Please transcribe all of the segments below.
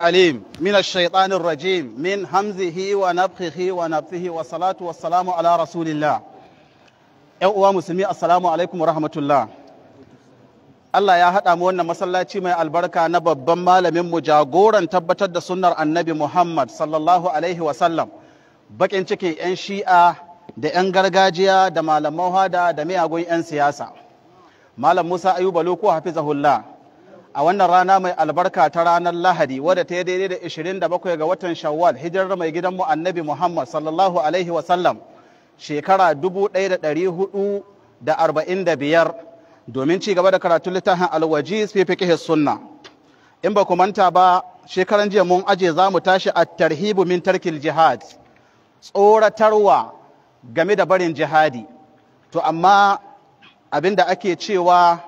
عليم من الشيطان الرجيم من همزه ونفخه ونفثه والصلاة والسلام على رسول الله أيها مسلمي السلام عليكم ورحمة الله Allah ya haɗa mu wannan masallaci mai albarka na babban malamin mu jagoran tabbatar da sunnar annabi Muhammad sallallahu alaihi wasallam bakin cikin 'yan shi'a da 'yan gargajiya da malamau hada da miyagun 'yan siyasa. Malam Musa Ayuba Loko hafizahullah a wannan rana mai albarka ta ranar lahadi wadda ta yi daidai da 27 ga watan shawwal hijirar mai gidanmu annabi muhammad sallallahu alaihi wasallam shekara 1445 domin ci gaba da karatun littafin alwaji fi fiqhi sunna in ba ku manta ba shekaran jiya mun aje za mu tashi a tarhibu min tarkil jihad tsoratarwa game da barin jihadi to amma abin da ake cewa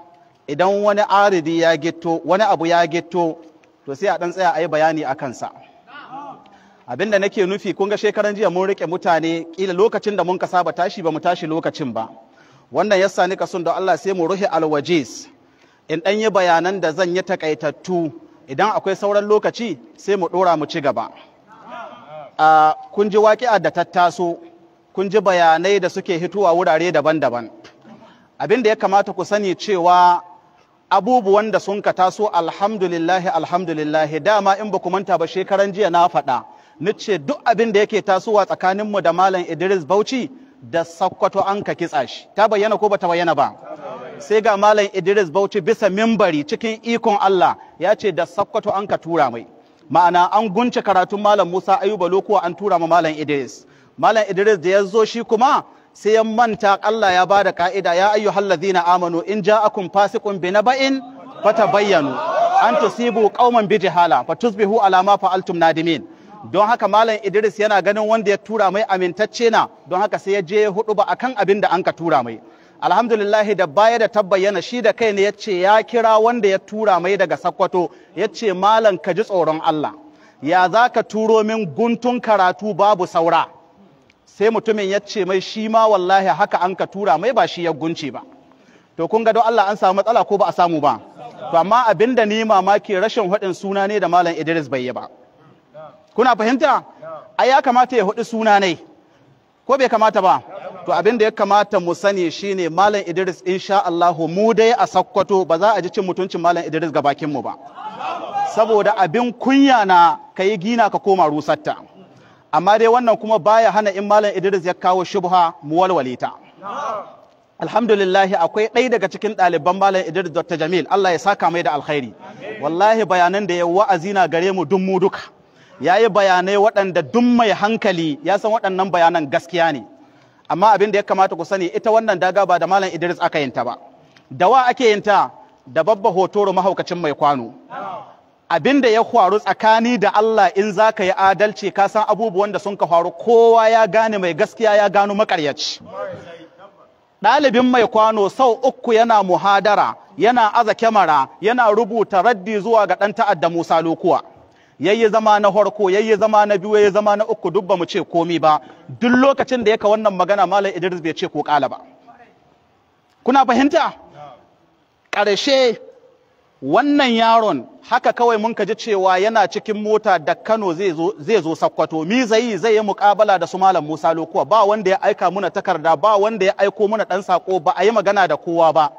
idan wani aridi ya gito wani abu ya gito to sai a ɗan tsaya a yi bayani a kansa abin da nake nufi kun ga shekaran jiya mun rike mutane kila lokacin da mun kasaba ba tashi ba mu tashi lokacin ba wannan yasa nika sun da Allah sai mu ruhi alwajis in dan yi bayanan da zan yi takaitattu idan akwai sauran lokaci sai mu dora mu ci gaba a kun ji waƙi'a da tattaso kun ji bayanai da suke hitowa wurare daban-daban abin da ya kamata ku sani cewa abubuwan da sun ka taso alhamdulillahi alhamdulillahi dama in ba ku manta ba shekaran jiya na faɗa ni ce duk abin da yake tasowa tsakanin mu da malam idris bauchi da sakkwato an ka kitsa shi ta bayyana ko ba ta bayyana ba sai ga malam idris bauchi bisa mimbari cikin ikon allah ya ce da sakkwato an ka tura mai ma'ana an gunce karatun malam musa ayuba lokuwa an tura ma malam idris malam idris da ya zo shi kuma sai ya manta Allah ya bada ka'ida ya ayyuhal na amanu in ja ja'akum fasiqun binaba'in fatabayyanu an tusibu qauman bijihala fatusbihu ala ma fa'altum nadimin don haka malam Idris yana ganin wanda ya tura mai amintacce na don haka sai ya je ya hudu ba akan abin da an ka tura mai alhamdulillahi da baya da tabbayyana shi da kai ne ya ce ya kira wanda ya tura mai daga sakwato ya ce malam ka ji tsoron Allah ya za ka turo min guntun karatu babu saura sai mutumin ya ce mai shi ma wallahi haka an ka tura mai ba shi ya gunce ba to kun ga don Allah an samu matsala ko ba a samu ba to amma abin da ni mamaki rashin hudin suna ne da malam Idris bai yi ba kuna fahimta ai ya kamata ya huɗu suna ne ko bai kamata ba to abin da ya kamata mu sani shine malam Idris insha Allah mu dai a sakkwato ba za a ji cin mutuncin malam Idris ga bakin mu ba saboda abin kunya na kayi gina ka koma rusatta amma dai wannan kuma baya hana in malam Idris ya kawo shubha mu walwale ta alhamdulillah akwai ɗaya daga cikin ɗaliban malam Idris Dr. Jamil Allah ya saka mai da alkhairi wallahi bayanan da ya wa'azi na gare mu dun mu duka yayi bayanai waɗanda duk mai hankali ya san waɗannan bayanan gaskiya ne amma abin da ya kamata ku sani ita wannan daga ba da malam Idris aka yinta ba da wa ake yinta da babba hotoro mahaukacin mai kwano abin da ya faru tsakani da Allah in za ka yi adalci kasan abubuwan da sun ka faru kowa ya gane mai gaskiya ya gano makaryaci ɗalibin mai kwano sau uku yana muhadara yana aza kyamara yana rubuta raddi zuwa ga ɗan ta'adda musa lokuwa yayi zama na harko yayi zama na biyu yayi zama na uku dubba mu ce komi ba duk lokacin da yaka wannan magana malam idris bai ce ko kala ba kuna fahimta ƙarshe wannan yaron haka kawai mun kaji cewa yana cikin mota da Kano zai zo Sakkwato mi zai zai yi muƙabala da su Malam Musa Lokuwa ba wanda ya aika muna takarda ba wanda ya aiko muna ɗan sako ba a yi magana da kowa ba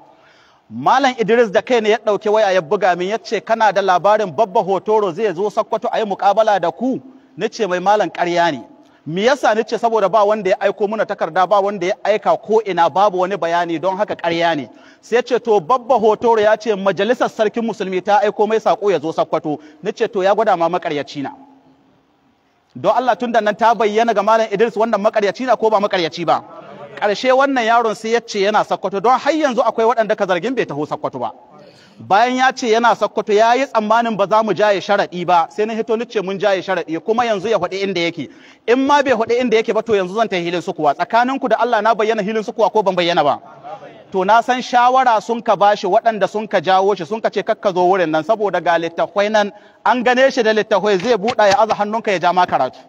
Malam Idris da kai ne ya ɗauki waya ya buga min ya ce kana da labarin babba hotoro zai zo Sakkwato a yi muƙabala da ku nace mai malam ƙarya ne me yasa nace saboda ba wanda ya aiko muna takarda ba wanda ya aika ko ina babu wani bayani don haka ƙarya ne sai ce to babba hotoro ya ce majalisar sarkin musulmi ta aiko mai sako ya zo sakkwato nace to ya gwada ma makaryaci na don Allah tun da nan ta bayyana ga malam Idris wannan makaryaci na ko ba makaryaci ba ƙarshe wannan yaron sai ya ce yana sakkwato don har yanzu akwai waɗanda ka zargin bai taho sakkwato ba bayan ya ce yana sakkwato ya yi tsammanin ba za mu jaye sharaɗi ba sai na hito nice mun jaye sharaɗi kuma yanzu ya haɗe inda yake in ma bai haɗe inda yake ba to yanzu zan ta hilin tsakanin tsakaninku da Allah na bayyana hilin kuwa ko ban bayyana ba to na san shawara sun ka bashi waɗanda sun ka jawo shi sun ka ce kakka zo wurin nan saboda ga littafai nan an gane shi da littafai zai buɗa ya aza hannunka ya ja ma karatu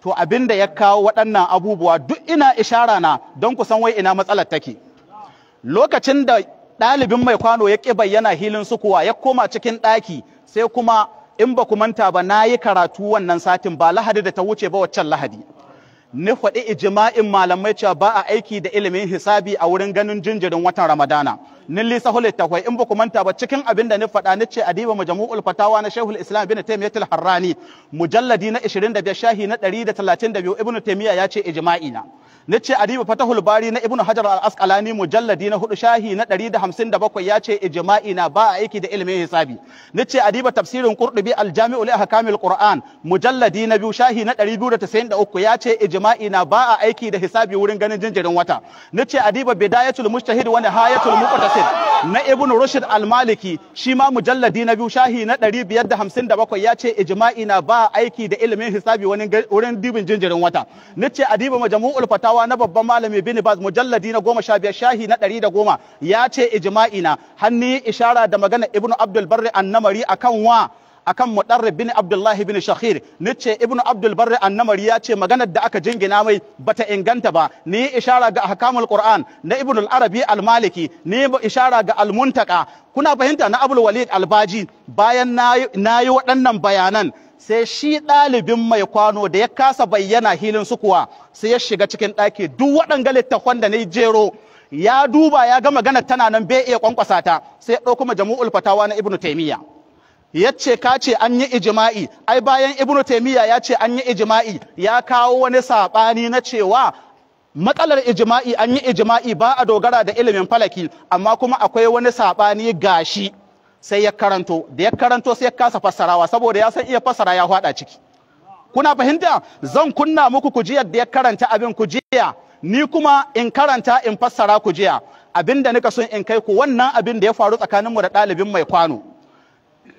to abinda ya kawo waɗannan abubuwa duk ina ishara na don ku san wai ina matsalar take lokacin da ɗalibin mai kwano ya ƙi bayyana hilin sukuwa ya koma cikin ɗaki sai kuma in ba ku manta ba na yi karatu wannan satin ba lahadi da ta wuce ba waccan lahadi ni faɗi ijma'in malamai cewa ba a aiki da ilimin hisabi a wurin ganin jinjirin watan Ramadana. Nin lisa hulita kwai in ba ku manta ba cikin abin da ni faɗa ni ce adiba majmu'ul fatawa na Sheikhul Islam Ibn Taymiyyah al-Harrani mujalladi na 25 shahi na 132 Ibnu Taymiyyah ya ce ijma'i na. Ni ce adiba fatahul bari na Ibnu Hajar al-Asqalani mujalladi na 4 shahi na 157 ya ce ijma'i na ba a aiki da ilimin hisabi. Ni ce adiba tafsirin Qurtubi al-Jami'u li Ahkamil Qur'an mujalladi na 2 shahi na 293 ya ce ijma'i ijma'i na ba a aiki da hisabi wurin ganin jinjirin wata ce adiba bidayatul mujtahid wa nihayatul muqtasid na ibn rushd al-maliki shi ma mujalladi na biyu shahi na 557 yace ijma'i na ba a aiki da ilimin hisabi wurin dibin jinjirin wata ce adiba majmu'ul fatawa na babban malami bin baz mujalladi na 15 shahi na 110 yace ijma'i na hanni ishara da magana ibn abdul barri annamari akan wa akan mudarrib bin abdullah bin shakhir nace ibn abdul barri annamari ya ce maganar da aka jingina mai bata inganta ba ni ishara ga ahkamul qur'an na ibn al arabi al maliki ni ishara ga al muntaka kuna fahimta na abul walid al baji bayan nayi waɗannan bayanan sai shi ɗalibin mai kwano da ya kasa bayyana hilin kuwa, sai ya shiga cikin ɗaki duk waɗanga littattafan da na jero ya duba ya ga magana tana nan bai iya kwankwasa ta sai ya ɗauko majamu'ul fatawa na ibnu taimiyya yace ka ce an yi ijma'i ai bayan ibnu taymiya ya ce an yi ijma'i ya kawo wani sabani na cewa matsalar ijima'i an yi ijma'i ba a dogara da ilimin falaki amma kuma akwai wani sabani gashi sai ya karanto da ya karanto sai ya kasa fassarawa saboda ya san iya fassara ya hwada ciki kuna fahimta zan kunna muku kujiyar da ya karanta abin kujiya ni kuma in karanta in fassara kujiya da nika son in kai ku wannan abin da ya faru tsakaninmu da ɗalibin mai kwano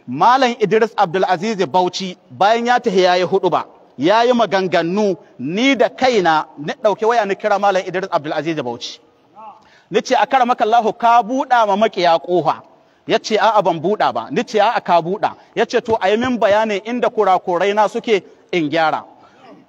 Malam Idris Abdulaziz Bauchi bayan ya tahi yayi hudu ba ya yi maganganu ni da kaina ni dauke waya ni kira Malam Idris Abdulaziz Bauchi ni ce a kara maka ka buɗa ma makiya kofa ya ce a'a ban buɗa ba ni ce a'a ka buda ya ce to a yi min bayanin inda kurakurai na suke in gyara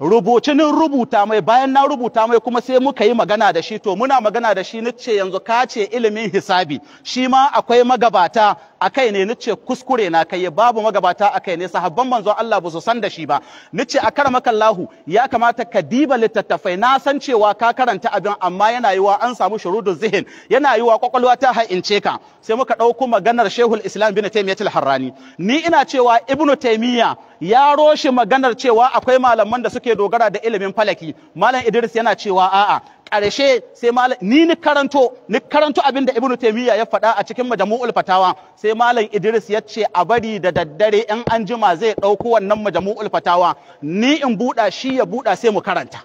rubucinin rubuta mai bayan na rubuta mai kuma sai muka yi magana da shi to muna magana da shi nace yanzu ka ce ilimin hisabi shi ma akwai magabata a kai ne nace kuskure na kai babu magabata a kai ne sahabban manzon Allah ba su san da shi ba nace a karamaka Allahu ya kamata ka diba littattafai na san cewa ka karanta abin amma yana yiwa an samu shurudun zihin yana yiwa kwakwalwa ta ha'ince ka sai muka ɗauko maganar Shehul Islam bin Taymiyyah al-Harrani ni ina cewa Ibn Taymiyyah ya roshi maganar cewa akwai malaman da suke dogara da ilimin falaki malam Idris yana cewa a'a ƙarshe sai malam ni ni karanto ni karanto abin da Ibn Taymiya ya faɗa a cikin Majmu'ul Fatawa sai malam Idris ya ce a bari da daddare in an jima zai ɗauko wannan Majmu'ul Fatawa ni in buɗa shi ya buɗa sai mu karanta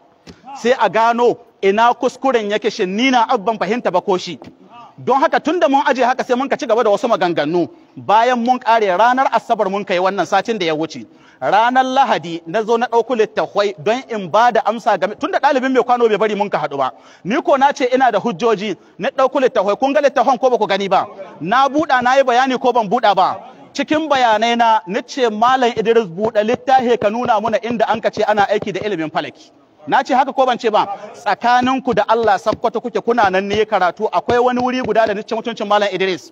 sai a gano ina kuskuren yake shin ni na abban fahimta ba ko shi don haka tunda mun aje haka sai mun ka ci gaba da wasu maganganu bayan mun kare ranar asabar mun kai wannan satin da ya wuce ranar lahadi na zo na ɗauku littafai don in ba da amsa game tun da ɗalibin mai kwano bai bari mun ka haɗu ba ni ko na ce ina da hujjoji na ɗauku littafai kun ga littafan ko ba ku gani ba na buɗa na yi bayani ko ban buɗa ba cikin bayanai na ni ce malam idris buɗe littafi ka nuna muna inda an ka ce ana aiki da ilimin falaki na ce haka ko ban ce ba tsakaninku da Allah Sakkwata kuke kuna nan ne karatu akwai wani wuri guda da nace mutuncin malam Idris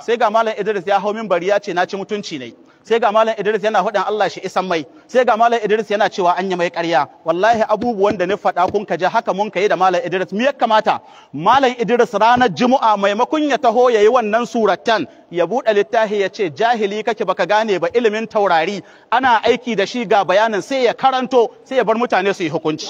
sai ga malam Idris ya hau min bari ya ce na ci mutunci ne sai ga malam Idris yana hudan Allah shi isan mai sai ga malam Idris yana cewa an yi mai karya. wallahi abubuwan da ni faɗa kun ka je haka mun kai da malam Idris me ya kamata malam Idris ranar Juma'a maimakon ya taho yayi wannan suratan ya buɗe littafi ya ce jahili kake baka gane ba ilimin taurari ana aiki da shi ga bayanin sai ya karanto sai ya bar mutane su yi hukunci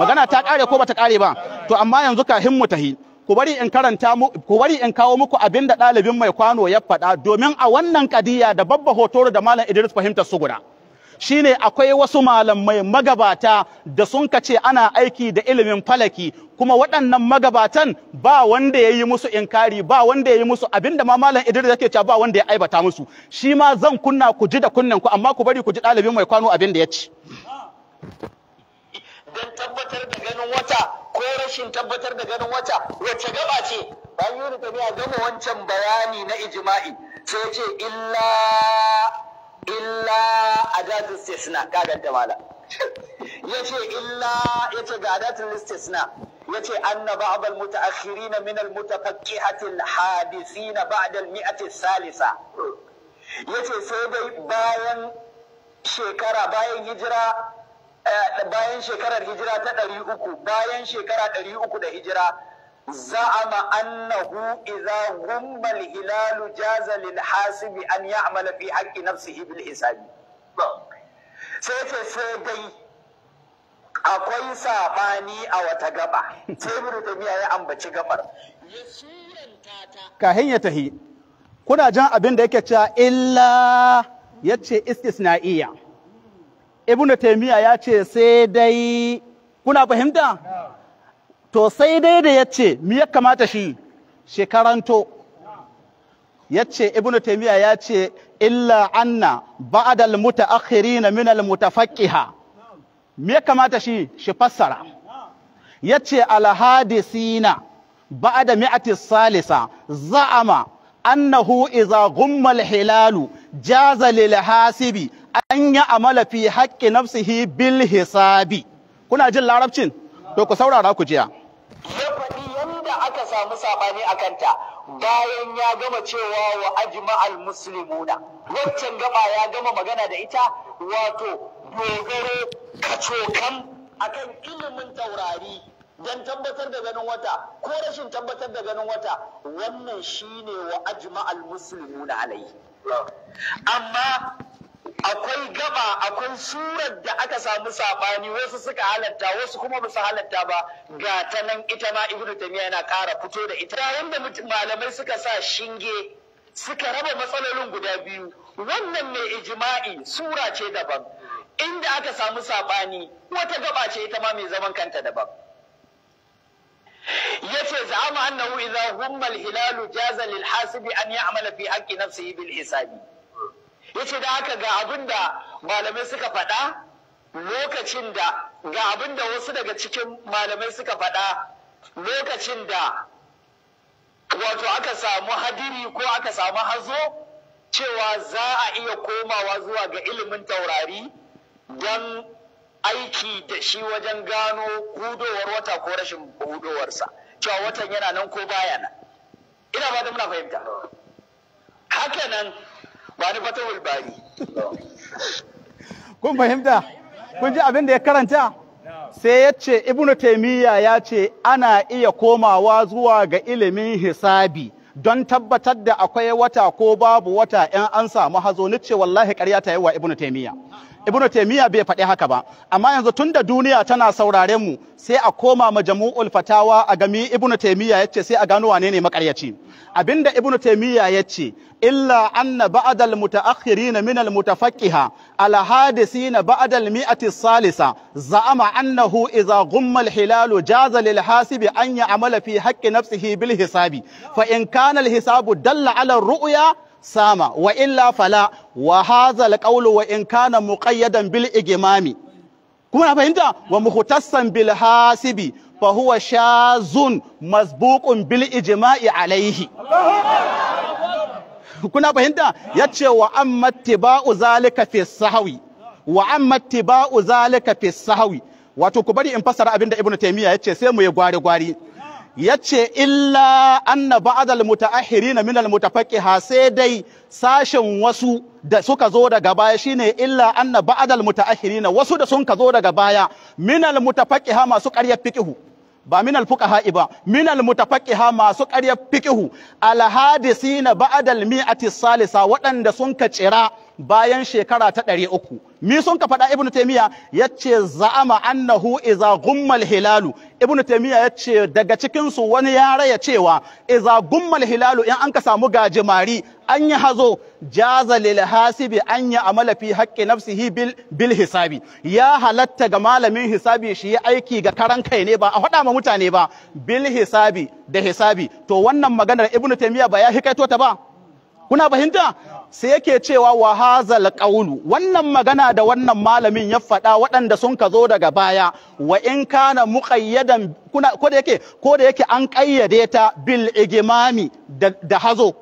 magana ta kare ko bata kare ba to amma yanzu ka himmu tahi ku bari in karanta mu ku bari in kawo muku abin da ɗalibin mai kwano ya faɗa domin a wannan kadiya da babba hoto da malam Idris fahimta su guda shine akwai wasu malamai magabata da sun kace ana aiki da ilimin falaki kuma waɗannan magabatan ba wanda ya yi musu inkari ba wanda ya yi musu abinda ma malam Idris yake cewa ba wanda ya aibata musu shi ma zan kunna ku ji da kunnen ku amma ku bari ku ji ɗalibin mai kwano abin da ya ci don tabbatar da ganin wata ko rashin tabbatar da ganin wata wacce gaba ce bayan yuni tabiya gama wancan bayani na ijma'i sai ce illa illa adatun istisna kagan ta mala yace illa yace ga adatun istisna yace anna na al mutaakhirin min al mutafaqqihat al hadithin ba'da al mi'ati salisa yace sai dai bayan shekara bayan hijira Eh, bayan shekarar hijira ta ɗari uku bayan shekara ɗari uku da hijira za za'ama annahu idza ghumma al-hilalu jaza lil hasibi an ya'mala fi haqqi nafsihi bil sai ce sai dai akwai sabani a wata gaba sai ta miya ya ambaci gabar kahin ya tahi kuna jan abin da yake cewa illa yace iya. ibnu taimiyya ya ce sai dai kuna fahimta to sai dai da ya ce mi ya kamata shi shekaranto ya ce ibnu taimiyya ya ce illa anna ba'dal mutaakhirina min al mutafaqqiha me kamata shi shi fassara yace al hadisina ba'da mi'ati salisa za'ama annahu idza ghumma al hilalu jaza lil hasibi an yi amala fi haƙƙi nafsihi bil hisabi kuna jin larabcin to ku saurara ku jiya ya faɗi yadda aka samu saɓani a kanta bayan ya gama cewa wa ajma al muslimuna waccan gaba ya gama magana da ita wato dogaro kacokan akan ilimin taurari don tabbatar da ganin wata ko rashin tabbatar da ganin wata wannan shine wa ajma al muslimuna alai amma akwai gaba akwai surar da aka samu sabani wasu suka halatta wasu kuma ba su halatta ba ga ta nan ita ma ibnu Tamiya yana ƙara fito da ita yayin da malamai suka sa shinge suka raba matsalolin guda biyu wannan mai ijma'i sura ce daban inda aka samu sabani wata gaba ce ita ma mai zaman kanta daban yace za'ama annahu idza humma al-hilalu jaza lil hasibi an ya'mala fi haqqi nafsihi bil hisabi yace da aka ga abin da malamai suka faɗa lokacin da ga abin da wasu daga cikin malamai suka faɗa lokacin da wato aka samu hadiri ko aka samu hazo cewa za a iya komawa zuwa ga ilimin taurari don aiki da shi wajen gano hudowar wata ko rashin hudowarsa cewa watan yana nan ko baya nan ina ba da muna fahimta haka nan ba ni kun fahimta kun ji abin da ya karanta sai ya ce ibnu taimiyya ya ce ana iya komawa zuwa ga ilimin hisabi don tabbatar da akwai wata ko babu wata ‘yan an samu hazo ni ce wallahi ƙarya ta yi wa ibnu taimiyya ibnu taymiya bai faɗi haka ba amma yanzu tunda duniya tana saurare mu sai a koma ma fatawa a gami ibnu taymiya yace sai a gano wane ne makaryaci abinda ibnu taymiya yace illa anna ba'dal mutaakhirin min al mutafaqqiha al hadisin baadal mi'ati salisa za'ama annahu idza ghumma al hilalu jaza lil hasibi an ya'mala fi haqqi nafsihi bil hisabi fa in kana al hisabu dalla ala ru'ya sama wa illa fala wa hadha alqawlu wa in kana muqayyadan bil igmami kuma na fahimta wa muhtassan bil hasibi fa huwa shazun masbuqun bil ijma'i alaihi kuna fahimta yace wa amma tiba'u zalika fi sahwi wa amma tiba'u zalika fi sahwi wato ku bari in fassara abinda ibnu taymiya yace sai mu yi gwari gwari yace illa anna ba'dal muta'ahhirin min al mutafaqqiha sai dai sashen wasu da suka zo daga baya shine illa anna ba'dal muta'ahhirin wasu da sun ka zo daga baya min al mutafaqqiha masu ƙaryar fiqhu ba min al fuqaha ba min al mutafaqqiha masu ƙaryar fiqhu al na ba'dal mi'ati salisa waɗanda sun ka tsira bayan shekara ta ɗari uku mi ka faɗa ibnu ya yace za'ama annahu iza gummal hilalu ibnu ya yace daga cikinsu wani ya raya cewa iza gummal hilalu in an ka samu gajimari an yi hazo jaza lil hasibi an yi amala fi haƙƙi nafsihi bil bil hisabi ya halatta ga malamin hisabi shi ya aiki ga karan kai ne ba a faɗa ma mutane ba bil hisabi da hisabi to wannan maganar ibnu taimiyya ba ya hikaito ta ba kuna fahimta sai yake cewa wa hazal wannan magana da wannan malamin ya faɗa waɗanda sun ka zo daga baya wa in kana muqayyadan kuna ko da yake ko da yake an kayyade ta bil igmami da hazo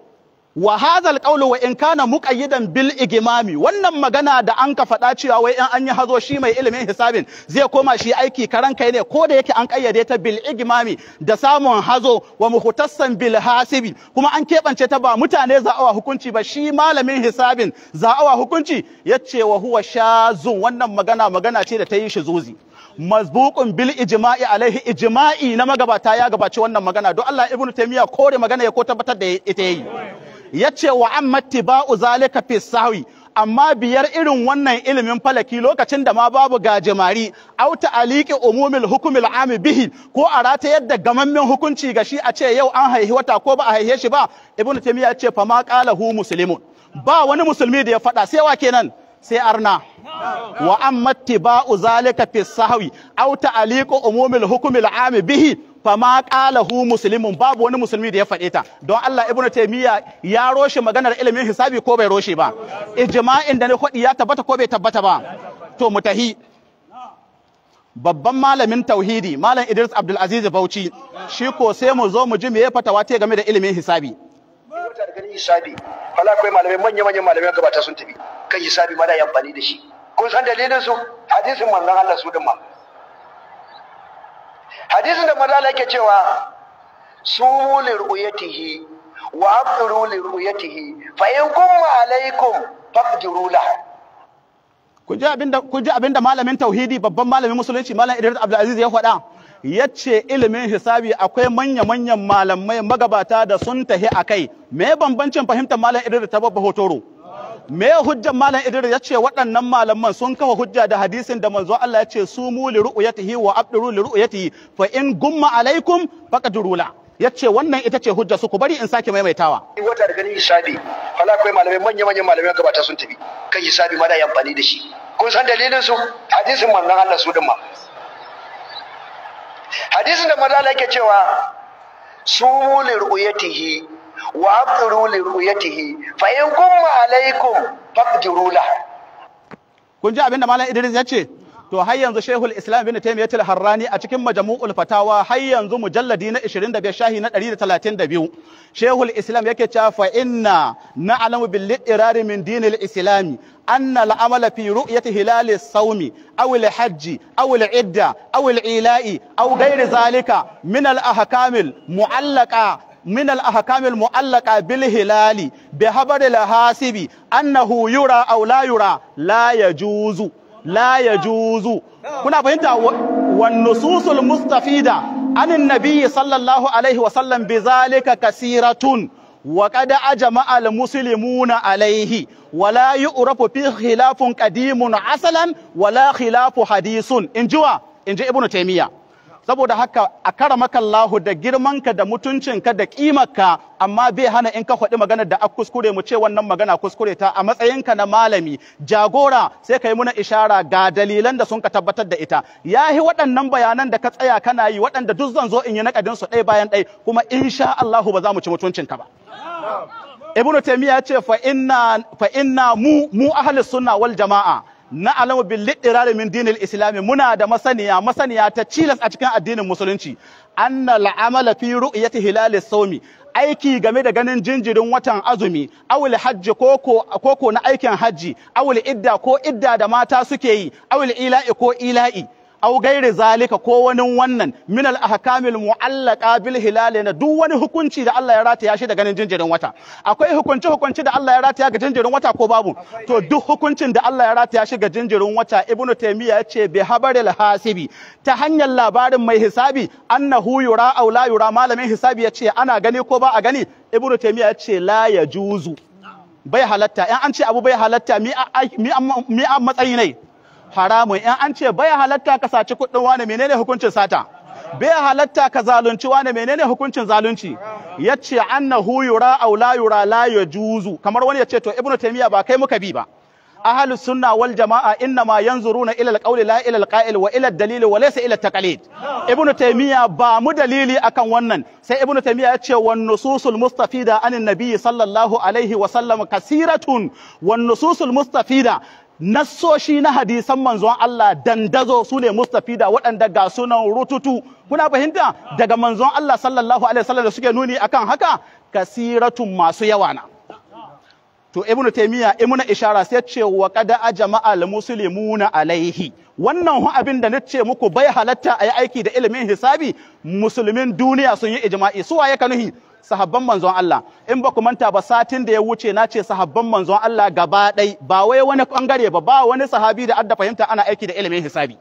wa hadha qawlu wa in kana muqayyidan bil igmami wannan magana da an ka faɗa cewa wai in an yi hazo shi mai ilimin hisabin zai koma shi aiki karan kai ne ko da yake an kayyade ta bil igmami da samun hazo wa muhtassan bil hasibi kuma an keɓance ta ba mutane za wa hukunci ba shi malamin hisabin za wa hukunci yace wa huwa shazun wannan magana magana ce da ta yi shi zuzi mazbuqun bil ijma'i alaihi ijma'i na magabata ya gabaci wannan magana don Allah ibnu taymiya kore magana ya ko tabbatar da ita yayi yace wa ba tiba'u zalika fi amma biyar irin wannan ilimin falaki lokacin da ma babu gajimari au ta'aliki umumil hukumil ami bihi ko a rata yadda gamammen hukunci ga shi a ce yau an haihi wata ko ba a haihe shi ba Ibn taymiya ya ce fa ma qala hu muslimun ba wani musulmi da ya faɗa sai wa kenan sai arna wa ba tiba'u zalika fi sahwi au ta'aliqu umumil hukumil ami bihi fama qalahu muslimun babu wani musulmi da ya faɗe ta don Allah ibnu taymiya ya roshe maganar ilimin hisabi ko bai roshe ba ijma'in da ne kwadi ya tabbata ko bai tabbata ba to mutahi babban malamin tauhidi malam Idris Abdul Aziz Bauchi shi ko sai mu zo mu ji me ya fatawa ta game da ilimin hisabi da ganin hisabi wala akwai malamai manya manyan malamai gabata sun tafi kan hisabi ma da amfani da shi kun san dalilin su hadisin manzon Allah su din ma hadisin da manzo yake cewa sumu li ru'yatihi wa aqru li ru'yatihi fa in kumma alaikum faqdiru la ku ji abinda ku ji abinda malamin tauhidi babban malamin musulunci malam Idris Abdul Aziz ya faɗa yace ilimin hisabi akwai manya manyan malamai magabata da sun tahi akai me bambancin fahimtar malam Idris ta babba hotoro me hujjan malam Idris ya ce waɗannan malaman sun kafa hujja da hadisin da manzo Allah ya ce mu li ru'yatihi wa abduru li ru'yatihi fa in gumma alaikum faqaduru la ya ce wannan ita ce hujja su ku bari in sake maimaitawa. Wata da ganin hisabi, fala akwai malamai manya manyan malamai gabata sun tafi kan hisabi ma da yi amfani da shi. Kun san dalilin su hadisin manzon Allah su din ma. Hadisin da manzo Allah yake cewa su li ru'yatihi wa aftiru li ru'yatihi fa in gumma alaikum faqdiru la kun ji abinda malam Idris ya ce to har yanzu Sheikhul Islam Ibn Taymiyyah al-Harrani a cikin Majmu'ul Fatawa har yanzu mujalladi na 25 shahi na 132 Sheikhul Islam yake cewa fa inna na'lamu bil irari min dinil islami أن العمل Saumi, رؤية هلال الصوم أو الحج أو العدة أو العلاء أو Zalika, ذلك من الأحكام المعلقة Minal al-ahkam al-mu'allaqa bil hilali bi habar hasibi annahu yura aw la yura la yajuzu la kuna fahimta wan nususul mustafida an an sallallahu alaihi wa sallam bi zalika kasiratun وقد أجمع المسلمون عليه ولا يعرف فيه خلاف قديم عسلا ولا خلاف حديث إن جوا إن ابن تيمية saboda haka a karamaka Lahu, da girmanka da mutuncinka da kimarka amma bai hana in ka faɗi maganar da a kuskure mu ce wannan magana kuskure ta a matsayinka na malami jagora sai ka yi muna ishara ga dalilan da sun ka tabbatar da ita Ya yahi waɗannan bayanan da ka tsaya kana yi waɗanda duk zan zo in yi naƙadin su ɗaya bayan ɗaya kuma insha Allahu ba za mu ci mutuncinka ba Ibn Taymiyyah ya ce fa inna fa inna mu mu ahlus sunna wal jama'a na alamu bil lidirari min dinil islami muna da masaniya masaniya ta cilas a cikin addinin musulunci anna la'amala fi ru'yati hilal sawmi aiki game da ganin jinjirin watan azumi awul hajji koko na aikin hajji awul idda ko idda da mata suke yi awul ila'i ko ila'i au gairi zalika ko wani wannan min al ahkamil mu'allaqa bil hilal na duk wani hukunci da Allah ya rataya shi da ganin jinjirin wata akwai hukunci hukunci da Allah ya rataya ga jinjirin wata ko babu to duk hukuncin da Allah ya rataya shi ga jinjirin wata ibnu taymiya ya ce bi habaril hasibi ta hanyar labarin mai hisabi annahu yura aw la yura malamin hisabi ya ce ana gani ko ba a gani ibnu taymiya ya ce la yajuzu bai halatta in an ce abu bai halatta mi a matsayi ne haramun in an ce bai halatta ka saci kuɗin wani menene hukuncin sata bai halatta ka zalunci wani menene hukuncin zalunci yace annahu yura aw la yura la yajuzu kamar wani ya ce to ibnu taymiya ba kai muka bi ba ahlu sunna wal jamaa inna ma yanzuruna ila alqawli la ila alqa'il wa ila ad-dalil wa laysa ila at-taqlid ibnu taymiya ba mu dalili akan wannan sai ibnu taymiya yace wan nususul mustafida anin nabiy sallallahu alaihi wa sallam kasiratun wan nususul mustafida nassoshi na hadisan manzon Allah dandazo su ne mustafida waɗanda ga sunan rututu kuna fahimta daga manzon Allah sallallahu alaihi wasallam da suke nuni akan haka kasiratun masu yawa na to ibn taymiya ibn ishara sai ce wa a ajma'a al muslimuna alaihi wannan hu abin da nace muku bai halatta ayi aiki da ilimin hisabi musulmin duniya sun yi ijma'i suwa ya kanuhi sahabban manzon Allah in ba ku manta ba satin da ya wuce na ce sahabban manzon Allah gaba ɗai ba wai wani ɓangare ba ba wani sahabi da adda fahimta ana aiki da ilimin hisabi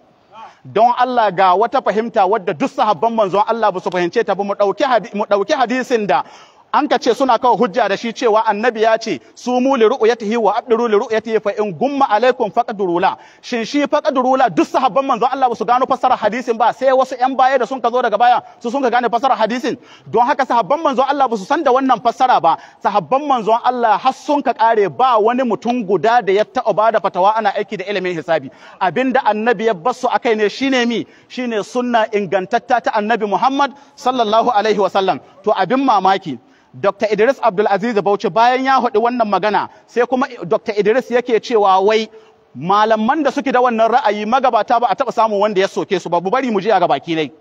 don Allah ga wata fahimta wadda duk sahabban manzon Allah ba su fahimce ta ba mu ɗauki hadisin da an ka ce suna kawo hujja da shi cewa annabi ya ce su mu li ru'yatihi wa abdiru li ru'yatihi fa in gumma alaikum faqdurula shin shi faqdurula duk sahabban manzo Allah ba su gano fasara hadisin ba sai wasu yan baya da sun ka zo daga baya su sun ka gane fasara hadisin don haka sahabban manzo Allah ba su san da wannan fasara ba sahabban manzo Allah har sun ka kare ba wani mutum guda da ya ta bada fatawa ana aiki da ilimin hisabi abinda annabi ya basu akai ne shine mi shine sunna ingantatta ta annabi Muhammad sallallahu alaihi wasallam to abin mamaki Dr. Idris Abdulaziz Bauchi bayan ya haɗu wannan magana sai kuma Dr. Idris yake cewa wai malaman da suke da wannan ra'ayi magabata ba a taɓa samun wanda ya soke su ba bu bari mu je ga gabaki nai.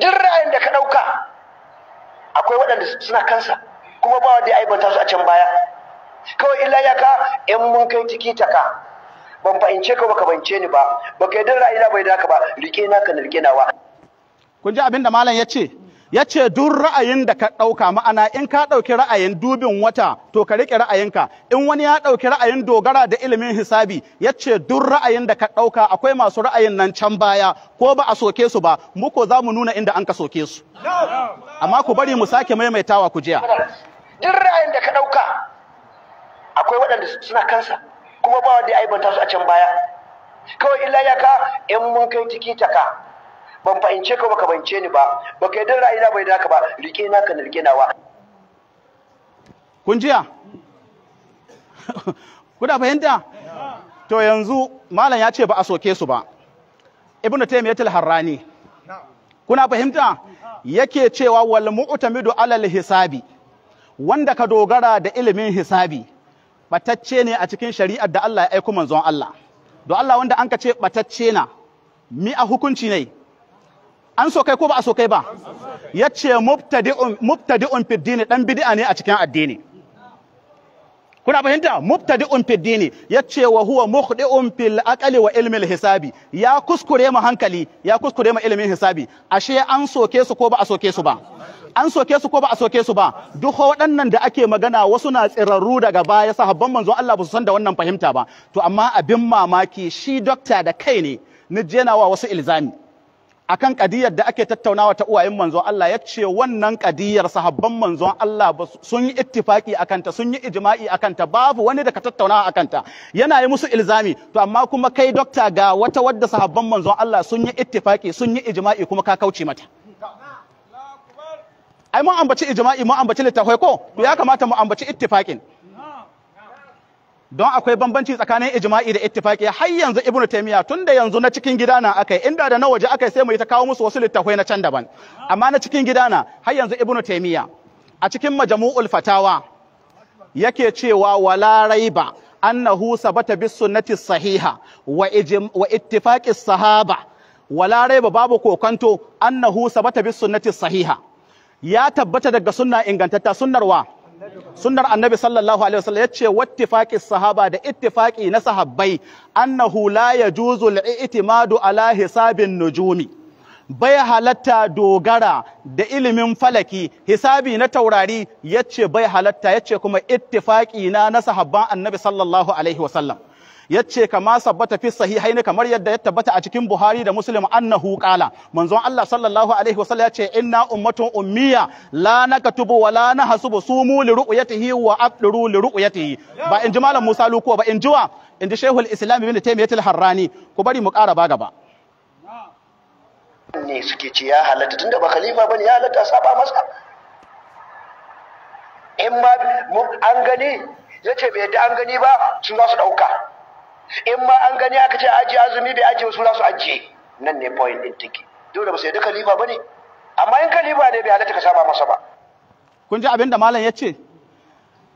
Duk ra'ayin da ka ɗauka akwai waɗanda suna kansa kuma ba wanda ya aibanta su a can baya. Kawai illa ya ka in mun kai ciki ta ka, ban fahimce ka baka fahimce ni ba baka yi ra'ayi na bai da ka ba rike na ka na rike nawa. Kun ji abin da malam ya ce? ya ce duk ra'ayin da ka ɗauka ma'ana in ka ɗauki ra'ayin dubin wata to ka riƙe ra'ayinka in wani ya ɗauki ra'ayin dogara da ilimin hisabi ya ce duk ra'ayin da ka ɗauka akwai masu ra'ayin nan can baya ko ba a soke su ba muko za mu nuna inda an ka soke su amma ku bari mu sake maimaitawa ku jiya duk ra'ayin da ka ɗauka akwai waɗanda suna kansa kuma ba wanda ya aibanta su a can baya kawai illa ya ka in mun kai ka. ban fahimce ka baka bance ni ba baka yadda ra'ayina bai daka ba rike na ka rike nawa kun jiya kuna fahimta to yanzu malam ya ce ba a soke su ba ibnu taymiyatul harrani kuna fahimta yake cewa wal mu'tamidu alal hisabi wanda ka dogara da ilimin hisabi batacce ne a cikin shari'ar da Allah ya aiko manzon Allah don Allah wanda an ka ce batacce na mi a hukunci ne an so kai ko ba a so kai ba ya ce mubtadi'un fi dini dan bid'a ne a cikin addini kuna fahimta mubtadi'un fi dini ya ce wa huwa mukhdi'un fil aqli wa ilmin hisabi ya kuskure mu hankali ya kuskure mu ilmin hisabi ashe an soke su ko ba a soke su ba an soke su ko ba a soke su ba duk waɗannan da ake magana wasu na tsirarru daga baya sahabban manzon Allah ba su san da wannan fahimta ba to amma abin mamaki shi dokta da kai ne ni wa wasu ilzami akan kadiyar da ake tattaunawa ta uwayen manzon Allah ya ce wannan kadiyar sahabban manzon Allah ba sun yi ittifaki ta sun yi ijma'i akanta babu wani da ka tattaunawa ta yana yi musu ilzami to amma kuma kai dokta ga wata wadda sahabban manzon Allah sun yi ittifaki sun yi ijma'i kuma ka kauce mata ai mu ambaci ijma'i mun ambaci littafai ko ya kamata mu ambaci ittifakin don akwai bambanci tsakanin ijma'i da ittifaqi har yanzu ibnu taymiya tunda yanzu na cikin gidana na akai inda da na waje akai sai mu yi ta kawo musu wasu littafai na can daban amma na cikin gidana har yanzu ibnu taymiya a cikin majmu'ul fatawa yake cewa wala raiba annahu sabata bis sunnati sahiha wa wa ittifaqi sahaba wala raiba babu kokanto annahu sabata bis sunnati sahiha ya tabbata daga sunna ingantatta sunnarwa sunnar annabi sallallahu alaihi wasallam yace wattifaqi sahaba da ittifaqi na sahabbai annahu la yajuzu al-i'timadu ala hisabin nujumi bai halatta dogara da ilimin falaki hisabi na taurari yace bai halatta yace kuma ittifaqi na na sahabban annabi sallallahu alaihi wasallam yace kama sabbata fi sahihain kamar yadda ya tabbata a cikin Buhari da Muslim annahu qala manzon Allah sallallahu alaihi wasallam yace inna ummatun ummiya la nakatubu wa la nahsubu sumu li ru'yatihi wa afduru li ru'yatihi ba in ji malam Musa Lukuwa ba in jiwa in ji Sheikhul Islam Ibn Taymiyyah al-Harrani ku bari mu ƙara ba gaba ne suke ce ya halatta tunda ba khalifa bane ya halatta saba masa in ma an gani yace bai yadda an gani ba su za su dauka in ma an gani aka ce aji azumi bai aji su za su ajiye nan ne point din take dole ba sai da khalifa bane amma in kalifa ne bai halatta ka saba masa ba kun ji abin da malam yace ce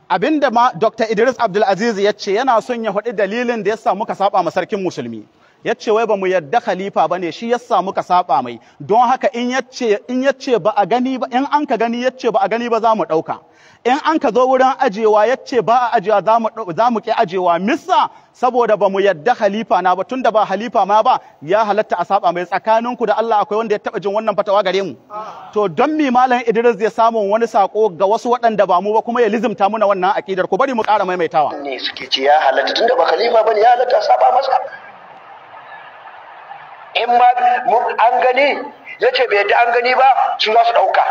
abin da ma Dr. Idris Abdul ya ce yana son ya faɗi dalilin da ya samu muka saba ma sarkin musulmi Ya ce wai ba mu yadda khalifa bane shi ya samu ka saba mai don haka in yace in ba a gani ba in an ka gani yace ba a gani ba za mu dauka in an ka zo wurin ajewa ce ba a ajewa za mu za mu ki ajewa misa saboda ba mu yadda khalifa na ba da ba khalifa ma ba ya halatta a saba mai tsakaninku da Allah akwai wanda ya taba jin wannan fatawa gare mu to don mi malam Idris zai samu wani sako ga wasu waɗanda ba mu ba kuma ya lizimta muna wannan akidar ku bari mu ƙara maimaitawa ne suke ce ya halatta tunda ba khalifa bane ya halatta a saba masa in ma an gani ya ce bai yadda an gani ba su za su ɗauka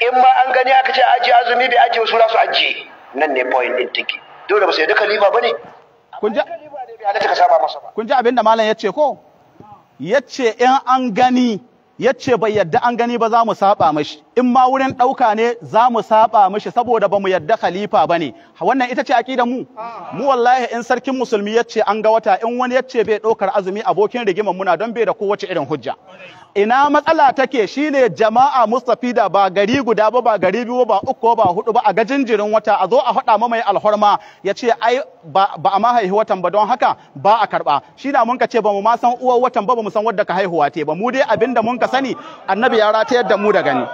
in ma an gani aka ce ajiye azumi bai ajiye su za su ajiye nan ne point ɗin take dole ba su yadda kalifa ba ne kun ji kun ji abin da malam ya ce ko ya ce in an gani ya ce bai yadda an gani ba za mu saba mashi in ma wurin ɗauka ne za mu saba mishi saboda ba mu yadda khalifa ba ne wannan ita ce aƙidan mu mu wallahi in sarkin musulmi ya ce an ga wata in wani ya ce bai ɗaukar azumi abokin rigimar muna don bai da kowace irin hujja ina matsala take shine jama'a mustafida ba gari guda ba ba gari biyu ba uku ba hudu ba a ga jinjirin wata a zo a haɗa ma mai alhorma ya ce ai ba a ma haihu watan ba don haka ba a karɓa shi na mun ka ce ba mu ma san uwar watan ba ba mu san wadda ka haihuwa te ba mu dai abinda mun ka sani annabi ya ratayar da mu da gani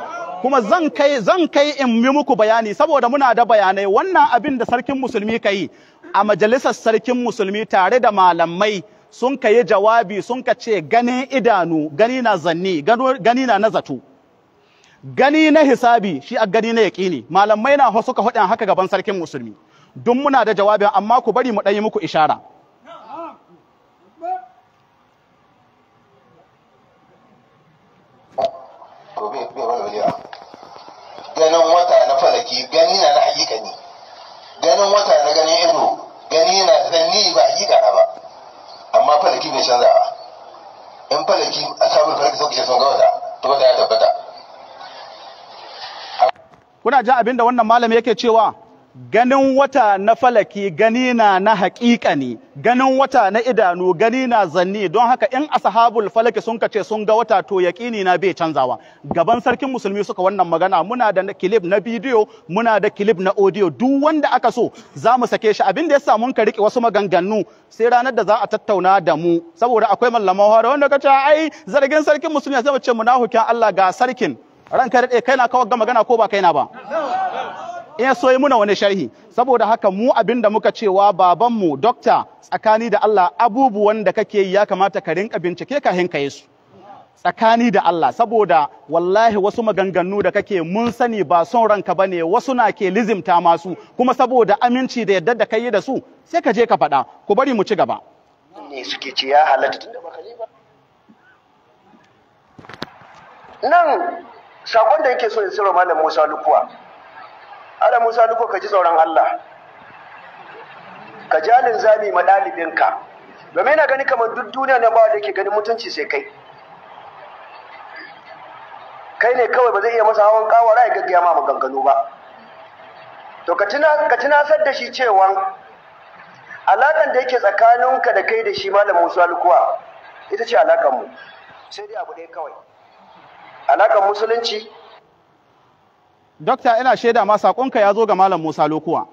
kuma zan kai zan kai in yi muku bayani saboda muna da bayanai wannan abin da sarkin musulmi ka yi a majalisar sarkin musulmi tare da malamai sun ka yi jawabi sun ka ce gani idanu gani na zanni gani na nazatu. gani na hisabi shi a gani na yaƙini malamai na suka faɗin haka gaban sarkin musulmi duk muna da jawabi, amma ku bari mu ɗan yi muku ishara to bai bai walwalewa ganin wata na falaki gani na na hakikani ganin wata na ganin ido gani na da ni ba hakika na ba amma falaki bai canza ba in falaki a sabon falaki sau kace sun ga wata to wata ya tabbata kuna ji abin da wannan malam yake cewa ganin wata na falaki gani na na haƙiƙa ne ganin wata na idanu gani na zanni don haka in ashabul falaki sun kace sun ga wata to yaƙini na bai canzawa gaban sarkin musulmi suka wannan magana muna da kilif na bidiyo muna da kilif na odiyo duk wanda aka so za mu sake shi abin da ya mun ka rike wasu maganganu sai ranar da za a tattauna da mu saboda akwai mallaman hore wanda kace ai zargin sarkin musulmi sai mu ce munahukin Allah ga sarkin ranka dade kai na kawar ga magana ko ba kai na ba in eh, so yi muna wani sharhi saboda haka mu abin da muka cewa baban mu dokta tsakani da Allah abubuwan da kake yi ya kamata ka rinka bincike ka hinkaye su tsakani da Allah saboda wallahi wasu maganganu da kake mun sani ba son ranka bane wasu na ke lizimta masu kuma saboda aminci da yadda da kai yi da su sai ka je ka faɗa ku bari mu ci gaba ne suke ci ya halatta tunda ba nan sakon da yake so ya sirra malam Musa Lukuwa ala musa luko ka ji tsoron allah ka ji alin zami ma ɗalibinka domin yana gani kamar duk duniya na ba da yake ganin mutunci sai kai kai ne kawai ba zai iya masa hawan kawara ya ga ma maganganu ba to ka sar da shi cewa alakan da yake tsakaninka da kai da shi malam musa lukuwa ita ce mu sai dai abu ɗaya kawai alakan musulunci Dokta ina shaida ma saƙonka ya zo ga Malam Musa Lokuwa.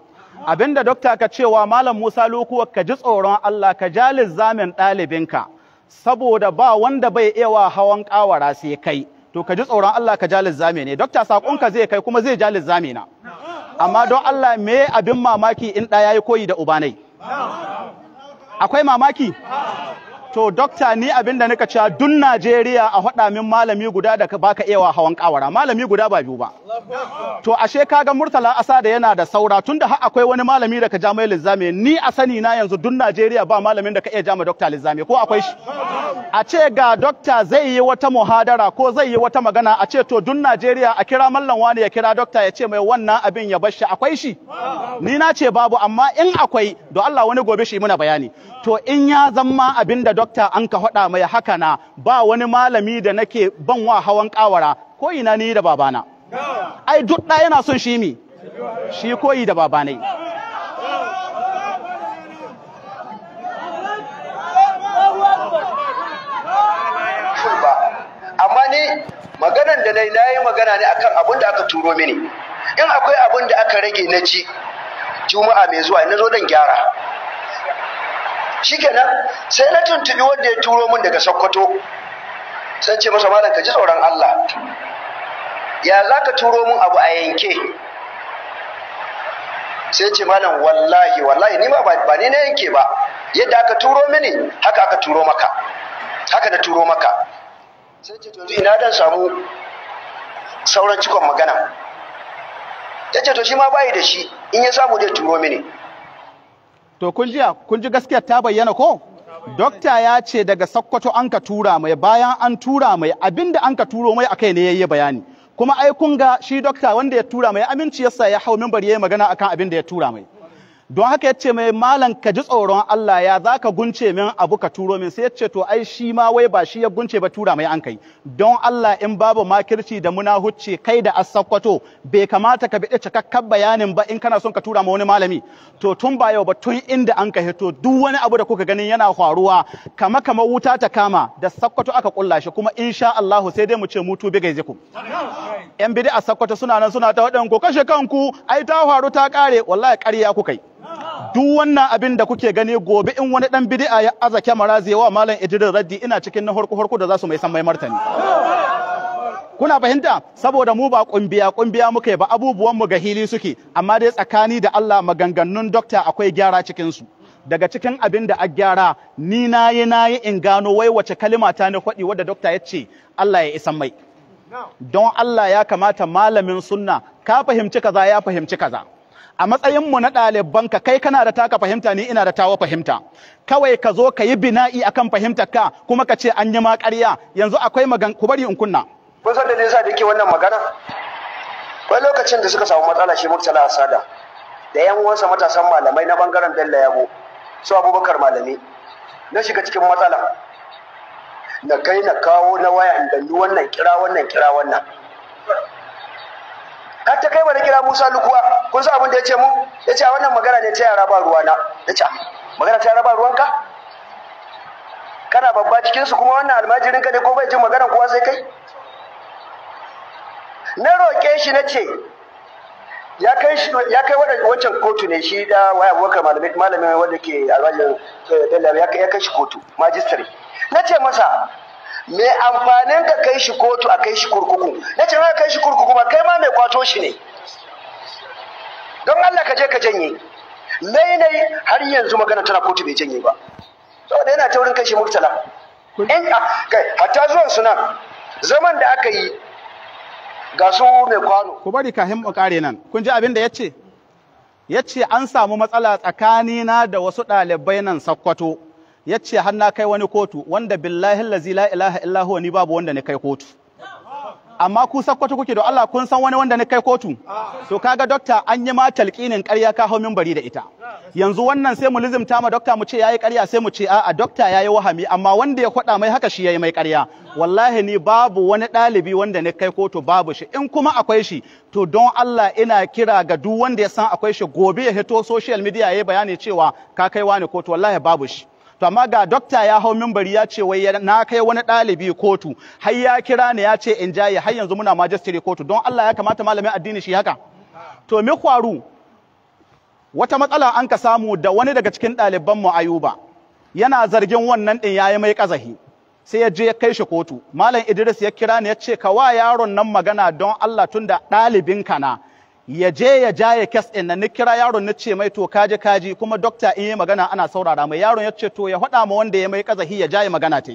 Abinda dokta ka cewa Malam Musa Lokuwa ka ji tsoron Allah ka jalis zamin ɗalibinka saboda ba wanda bai wa hawan ƙawara sai kai. To ka ji tsoron Allah ka jalis zame ne. Dokta saƙonka zai kai kuma zai jalis na. Amma don Allah me abin mamaki in ɗaya ya koyi da ubanai. Akwai mamaki? to dokta ni abin da nika cewa dun Najeriya a haɗa min malami guda da baka wa hawan ƙawara malami guda ba biyu ba to ashe kaga murtala asa da yana da saura tunda har akwai wani malami daga ka ja mai ni a sani na yanzu dun Najeriya ba malamin da ka iya ja ma dokta ko akwai shi a ce ga dokta zai yi wata muhadara ko zai yi wata magana a ce to dun Najeriya a kira mallan wani ya kira dokta ya ce mai wannan abin ya bashi akwai shi ni na ce babu amma in akwai do Allah wani gobe shi muna bayani to in ya zama abin da dokta an ka hada mai haka na ba wani malami da nake ban wa hawan kawara ko ina ni da babana ai duk ɗa yana son shi mi shi koyi da babanai amma ni maganan da na yi magana ne akan abin da aka turo mini in akwai abun da aka rage na ji juma'a mai zuwa na zo dan gyara shikenan sai na tuntubi wanda ya turo min daga sokoto sai ce masa malam ka ji tsoron Allah ya za ka turo mun abu a yanke sai ce malam wallahi wallahi ni ma ba ni na yanke ba yadda aka turo mini haka aka turo maka haka da turo maka sai ce to ina dan samu sauran cikon magana ya ce to shi ma bayi da shi in ya samu zai turo mini to kun ji kun ji gaskiya ta bayyana ko Dokta ya ce daga Sokoto an ka tura mai bayan an tura mai abinda an ka turo mai akai ne yayi bayani kuma ai kun ga shi dokta wanda ya tura mai aminci yasa ya hau mimbar yayi magana akan abin da ya tura mai don haka ya ce mai malam ka ji tsoron Allah ya zaka gunce min abu ka turo min sai yace to ai shi ma wai ba shi ya gunce ba tura mai an kai don Allah in babu makirci da munahucce kai da asakwato bai kamata ka bide cikakken bayanin ba in kana son ka tura ma wani malami to tun ba yau ba tun inda an ka hito duk wani abu da kuka ganin yana faruwa kama kama wuta ta kama da sakwato aka kulla shi kuma insha Allah sai dai mu ce mutu bi gaize ku yan bid'a sakwato suna nan suna ta wadan ko kashe kanku ai ta faru ta kare wallahi ƙarya ku kai duk wannan abin da kuke gani gobe in wani dan bid'a ya aza kyamara zai wa malam Idris Raddi ina cikin na horko horko da za su mai san mai martani kuna fahimta saboda mu ba kumbiya kumbiya muke ba abubuwan mu ga hili suke amma dai tsakani da Allah maganganun dokta akwai gyara cikin su daga cikin abin da a gyara ni nayi nayi in gano wai wace kalima ta ne kwadi wadda dokta ya ce Allah ya isa mai don Allah ya kamata malamin sunna ka fahimci kaza ya fahimci kaza a matsayin mu na ɗaliban ka kai kana da taka fahimta ni ina da tawa fahimta kawai ka zo ka yi bina'i akan fahimtar ka kuma ka ce an yi ma ƙarya yanzu akwai magan ku bari in kunna kun san da nesa da yake wannan magana wai lokacin da suka samu matsala shi murtala asada da yan uwansa matasan malamai na bangaren bello yabo su abubakar malami na shiga cikin matsala na kai na kawo na waya in wannan kira wannan kira wannan har ta kai mana kira Musa lukuwa kun san abin da ya ce mu ya ce wannan magana ne ta yara ba ruwa na ya ce magana ta yara ba ruwanka kana babba cikin su kuma wannan almajirin ka ne ko bai jin magana kowa sai kai na roƙe shi na ce ya kai shi ya kai wancan kotu ne shi da waya abubakar malamin malamin wanda ke almajirin eh, ya kai shi kotu magistrate na ce masa me amfanin ka kai shi kotu a kai shi kurkuku na ce kai shi kurkuku ba kai ma mai kwato shi ne don Allah ka je ka janye lainai har yanzu magana tana kotu bai janye ba saboda yana taurin kai shi murtala in kai hatta zuwan suna zaman da aka yi ga su mai kwano ku bari ka mu kare nan kun ji abin da ya ce ya ce an samu matsala tsakanina da wasu ɗalibai nan sakkwato ya ce har na kai wani kotu wanda billahi lazi la ilaha illa huwa ni babu wanda ni kai kotu amma ku sakkwato kuke da Allah kun san wani wanda ni kai kotu to kaga dokta an yi ma talqinin ƙarya ka hau minbari da ita yanzu wannan sai mu lizimta ma dokta mu ce yayi ƙarya sai mu ce a a'a dokta yayi wahami amma wanda ya kwada mai haka shi yayi mai ƙarya wallahi ni babu wani ɗalibi wanda ni kai kotu babu shi in kuma akwai shi to don Allah ina kira ga duk wanda ya san akwai shi gobe ya hito social media yayi bayani cewa ka kai wani kotu wallahi babu shi to amma ga dokta ya hau mimbari ya ce wai na kai wani ɗalibi kotu har ya kira ni ya ce in jaye har yanzu muna majistare kotu don Allah ya kamata malamin addini shi haka to mi kwaru wata matsala an ka samu da wani daga cikin ɗaliban mu Ayuba yana zargin wannan din yayi mai kazahi sai ya je ya kai shi kotu malam Idris ya kira ni ya ce ka wa yaron nan magana don Allah tunda ka na ya je ya ya kes ɗin nan ni kira yaron na ce mai to kaji kaji kuma dokta in yi magana ana saurara mai yaron ya ce to ya faɗa ma wanda ya mai kazahi ya ja ya magana ta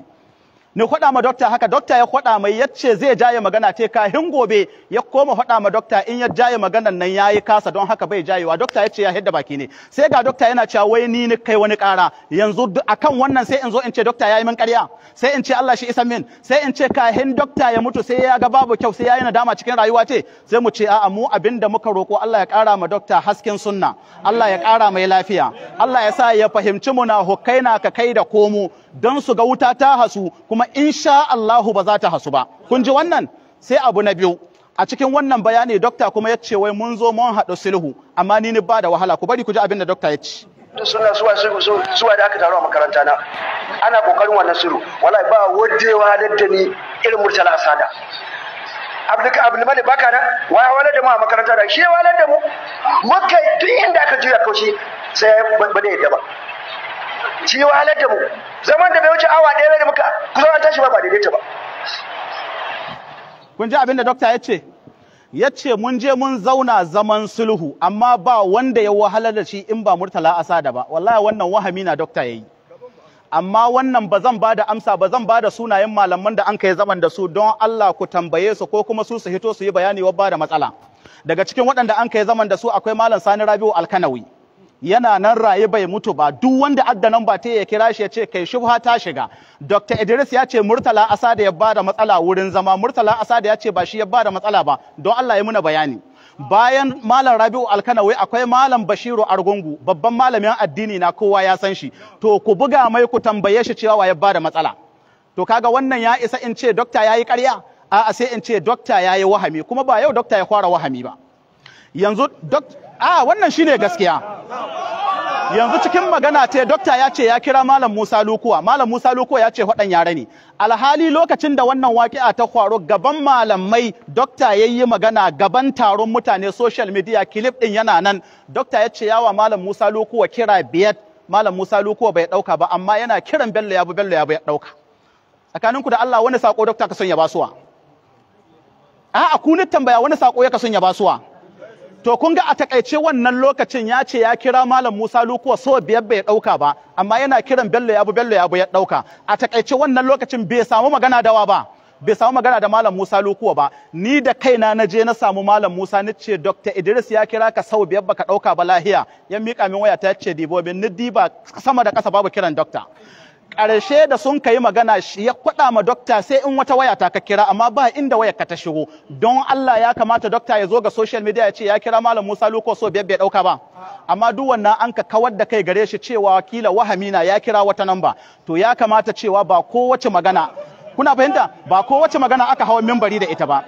ne faɗa ma dokta haka dokta ya faɗa mai yace zai jaye magana te kahin gobe ya koma faɗa ma dokta in ya jaye maganan nan yayi kasa don haka bai jayewa dokta yace ya hidda baki ne sai ga dokta yana cewa wai ni ni kai wani ƙara yanzu akan wannan sai in zo in ce dokta yayi min ƙarya sai in ce Allah shi isa min sai in ce kahin dokta ya mutu sai ya ga babu kyau sai yi nadama cikin rayuwa ce sai mu ce a'a mu abinda muka roko Allah ya ƙara ma dokta hasken sunna Allah ya ƙara mai lafiya Allah ya sa ya fahimci muna hukaina ka kai da komu. don su ga wuta ta hasu kuma insha Allahu ba za ta hasu ba kun ji wannan sai abu na biyu a cikin wannan bayani dokta kuma ya ce wai mun zo mun haɗu sulhu amma ni ni ba da wahala ku bari ku ji abin da dokta ya ce suna suwa suwa da aka taru a makaranta na ana kokarin wannan sulhu wallahi ba wajewa da ni irin murtala asada malik baka nan Wa wala da mu a makaranta da shi wala da mu muka tun inda aka juya kaushi sai ba da yadda ba shi wahalar da mu zaman da bai wuce awa ɗaya da muka kusan an tashi ba ba daidaita ba kun ji abin da dokta ya ce ya ce mun je mun zauna zaman sulhu amma ba wanda ya wahalar da shi in ba murtala asada ba wallahi wannan wahami na dokta yayi amma wannan ba zan ba da amsa ba zan bada sunayen malaman da an kai zaman da su don Allah ku tambaye su ko kuma su su hito su yi bayani wa bada matsala daga cikin waɗanda an kai zaman da su akwai malam Sani Rabiu Alkanawi yana nan raye bai mutu ba duk wanda addanan ba ta ya kira shi ya ce kai shubha ta shiga dr idris ya ce murtala asada ya bada matsala wurin zama murtala asada ya ce ba shi ya bada matsala ba don allah ya muna bayani bayan malam rabi'u alkanawai akwai malam bashiru argungu babban malamin addini na kowa ya san shi to ku buga mai ku tambaye shi cewa ya bada matsala to kaga wannan ya isa in ce dokta yayi ƙarya a'a sai in ce dokta yayi wahami kuma ba yau dokta ya fara wahami ba yanzu dokta a wannan shine gaskiya yanzu cikin magana ce dokta ya ce ya kira malam Musa Lukuwa malam Musa Lukuwa ya ce faɗan yare ne alhali lokacin da wannan waƙi'a ta kwaro gaban malamai dokta ya yi magana gaban taron mutane social media clip ɗin yana nan dokta ya ce yawa malam Musa Lukuwa kira biyar malam Musa Lukuwa bai ɗauka ba amma yana kiran Bello ya bu Bello ya bu ya ɗauka tsakaninku da Allah wani sako dokta ka son ya basuwa a'a ku tambaya wani sako ya ka son ya basuwa to kun ga a takaice wannan lokacin ya ce ya kira malam Musa Lukuwa so biyar bai ɗauka ba amma yana kiran Bello Yabo Bello Yabo ya dauka a takaice wannan lokacin bai samu magana dawa ba bai samu magana da malam Musa Lukuwa ba ni da kaina na je na samu malam Musa ni ce Dr. Idris ya kira ka sau biyar baka ɗauka ba lahiya ya mika min waya ta ce dibo ni diba sama da kasa babu kiran doctor ƙarshe da sun ka yi magana shi ya kwaɗa ma dokta sai in wata waya ta ka kira amma ba inda waya ka ta shigo don Allah ya kamata dokta ya zo ga social media ya ce ya kira malam Musa Luko so bai ɗauka ba amma duk wannan an ka kawar da kai gare shi cewa kila na ya kira wata namba to ya kamata cewa ba kowace magana kuna fahimta ba kowace magana aka hawa mimbari da ita ba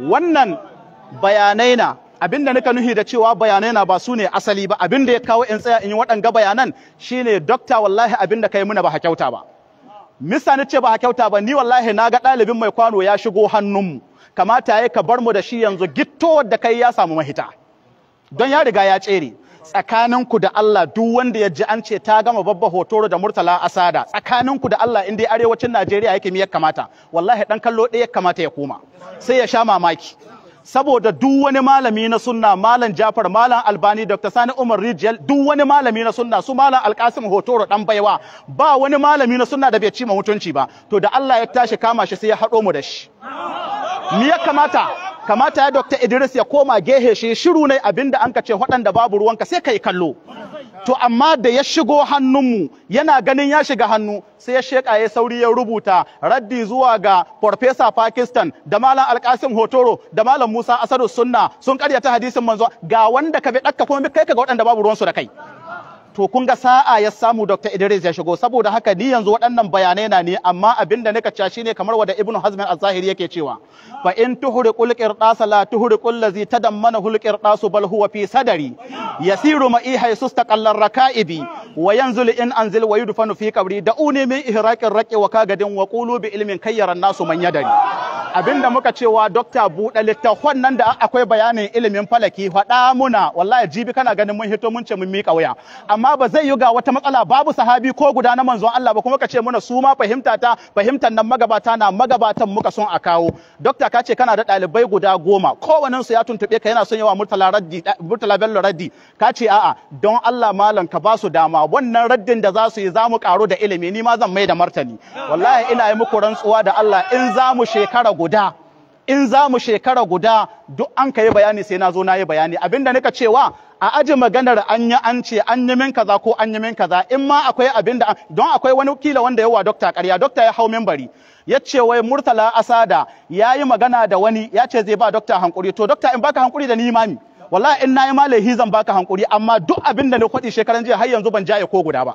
wannan bayanai na abinda nika nuhi da cewa bayanai na ba su ne asali ba abinda ya kawo in tsaya in yi waɗanga bayanan shine dokta wallahi abin abinda kai muna ba ha kyauta ba misa ni ce ba ha kyauta ba ni wallahi na ga ɗalibin mai kwano ya shigo hannunmu kamata ya ka bar mu da shi yanzu gitto da kai ya samu mahita don ya riga ya tsere tsakaninku da Allah duk wanda ya ji an ce ta gama babba hotoro da murtala asada tsakaninku da Allah inda arewacin Najeriya yake mi miyar kamata wallahi ɗan kallo ɗaya ya kamata ya koma sai ya sha mamaki saboda duk wani malami na sunna malam Jafar malam Albani Dr. Sani Umar Rijal duk wani malami na sunna su malam Alkasim Hotoro dan baiwa ba wani malami na sunna da bai ci mutunci ba to da Allah ya tashi kama shi sai ya haɗo mu da shi me ya kamata kamata ya Dr. Idris ya koma gehe shi shiru ne abinda an ka ce waɗanda babu ruwanka sai ka yi kallo to amma da ya shigo hannunmu yana ganin ya shiga hannu sai ya sheka ya sauri ya rubuta raddi zuwa ga Farfesa Pakistan da Malam Alkasim Hotoro da Malam Musa Asadu Sunna sun karyata hadisin manzo ga wanda ka bi dakka kuma kai ka ga waɗanda babu ruwansu da kai to kun ga sa'a ya samu Dr. Idris ya shigo saboda haka ni yanzu waɗannan bayanai na ne amma abin da nika cewa shine kamar wanda Ibn Hazm al-Zahiri yake cewa fa in tuhriqul qirdasa la qul ladhi tadammana hul qirdasu bal huwa fi sadari yasiru ma'i haysu taqallar rakaibi wa yanzil in anzil wa yudfanu fi qabri da'uni min ihraqir raqi wa kagadin wa qulu bi ilmin kayyaran nasu man yadari abinda muka cewa dokta buɗe littafan nan da akwai bayanin ilimin falaki faɗa muna wallahi jibi kana ganin mun hito mun ce mun miƙa waya amma amma ba zai yi ga wata matsala babu sahabi ko guda na manzon Allah ba kuma ka ce mana su ma fahimta ta fahimtar nan magabata na magabatan muka son a kawo dokta ka ce kana da ɗalibai guda goma kowannen su ya tuntuɓe ka yana son yawa murtala raddi murtala bello raddi ka ce a'a don Allah malam ka ba su dama wannan raddin da za su yi za mu karo da ilimi ni ma zan mai da martani wallahi ina yi muku rantsuwa da Allah in za mu shekara guda in za mu shekara guda duk an ka yi bayani sai na zo na yi bayani abinda nika cewa a aji maganar an yi an ce an yi min kaza ko an yi min kaza in ma akwai abinda don akwai wani kila wanda yawa dokta ƙarya dokta ya hau membari ya ce wai murtala asada ya yi magana da wani ya ce zai ba dokta hankuri to dokta in baka hankuri da ni imami wallahi in nayi malahi zan baka hankuri amma duk abin da na kwaɗi shekaran jiya har yanzu ban jaye ko guda ba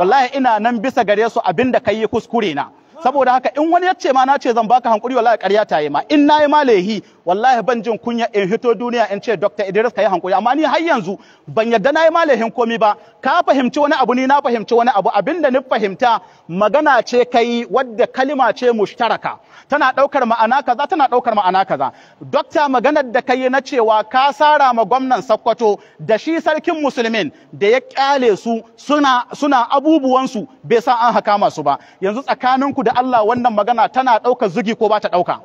wallahi ina nan bisa gare su abin da kai kuskure na saboda haka in wani ya ce ma na ce zan baka hankuri wallahi ƙarya ta yi ma in nayi ma lehi wallahi ban jin kunya in hito duniya in ce Dr. Idris kai hankuri amma ni har yanzu ban yarda nayi ma lehin komi ba ka fahimci wani abu ni na fahimci wani abu abinda ni fahimta magana ce kai wadda kalima ce mushtaraka tana ɗaukar ma'ana kaza tana daukar ma'ana kaza Dr. maganar da kai na cewa ka sara ma gwamnan Sokoto da shi sarkin musulmin da ya kyale su suna suna abubuwan bai sa an haka masu ba yanzu tsakaninku da da Allah wannan magana tana ɗauka zugi ko ba ta ɗauka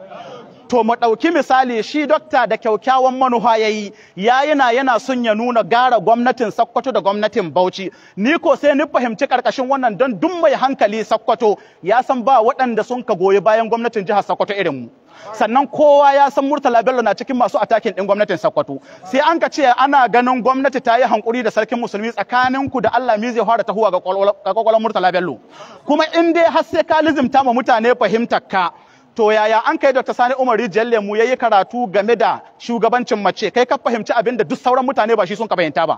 to mu ɗauki misali shi dokta da kyaukyawan manuha ya yi ya yana yana son ya nuna gara gwamnatin sakkwato da gwamnatin bauchi ni ko sai ni fahimci karkashin wannan don duk mai hankali sakkwato ya san ba waɗanda sun ka goyi bayan gwamnatin jihar sakkwato irin mu sannan kowa ya san Murtala Bello na cikin masu atakin din gwamnatin Sokoto sai an ka ce ana ganin gwamnati ta yi hankuri da sarkin musulmi tsakanin ku da Allah mi zai fara tahuwa ga kwakwalwar Murtala Bello kuma in dai har sai ka lizimta ma mutane fahimtar ka to yaya an kai Dr. Sani Umar Rijiyar Lemu yayi karatu game da shugabancin mace kai ka fahimci abin da duk sauran mutane ba shi sun ka fahimta ba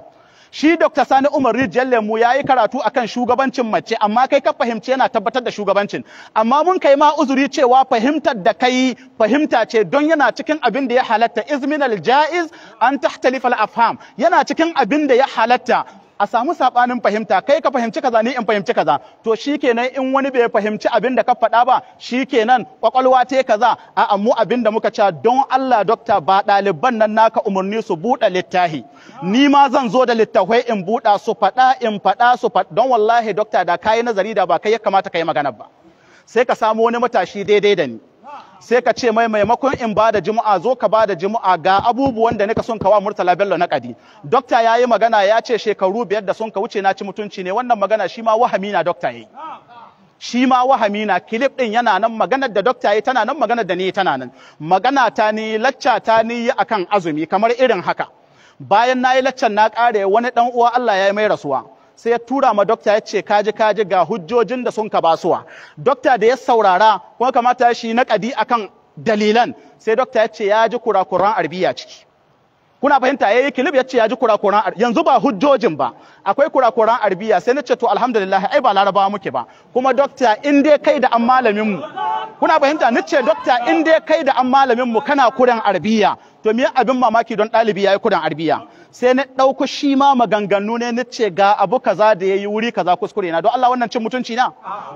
shi Dr. Sani Umar Rijiyar Lemu yayi karatu akan shugabancin mace amma kai ka fahimci yana tabbatar da shugabancin amma mun kai ma uzuri cewa fahimtar da kai fahimta ce don yana cikin abin da ya halatta izminal jaiz an tahtalifal afham yana cikin abin da ya halatta a samu saɓanin fahimta kai ka fahimci kaza ni in fahimci kaza to shikenan in wani bai fahimci abin da ka faɗa ba shikenan kwakwalwa ta kaza a mu abin da muka ca don Allah dokta ba ɗaliban nan naka umarni su buɗe littahi ni ma zan zo da littafai in buɗa su faɗa in faɗa su faɗa don wallahi dokta da kayi nazari da ba kai ya kamata kai magana ba sai ka samu wani matashi daidai da ni sai ka ce mai maimakon in ba da jimu'a zo ka ba da jimu'a ga abubuwan da nika son kawa murtala bello na kadi dokta ya yi magana ya ce shekaru biyar da sun ka wuce na ci mutunci ne wannan magana shi ma wahami na dokta ya yi shi ma wahami na kilif din yana nan maganar da dokta ya tana nan maganar da ni tana nan magana ta ni lacca ta ni akan azumi kamar irin haka bayan na yi laccan na kare wani dan uwa Allah ya yi mai rasuwa sai ya tura ma dokta ya ce kaji kaji ga hujjojin da sun ka basuwa dokta da ya saurara kuma kamata shi na kadi akan dalilan sai dokta ya ce ya ji kurakuran arbiya ciki kuna fahimta ya yi kilib ya ce ya ji kurakuran yanzu ba hujjojin ba akwai kurakuran arbiya sai na ce to alhamdulillah ai ba larabawa muke ba kuma dokta in dai kai da an malamin mu kuna fahimta ni ce dokta in dai kai da an malamin mu kana kuran arbiya to me abin mamaki don ɗalibi ya yi kuran arbiya sai na ɗauko shi ma maganganu ne na ce ga abu kaza da ya yi wuri kaza kuskure na don Allah wannan cin mutunci na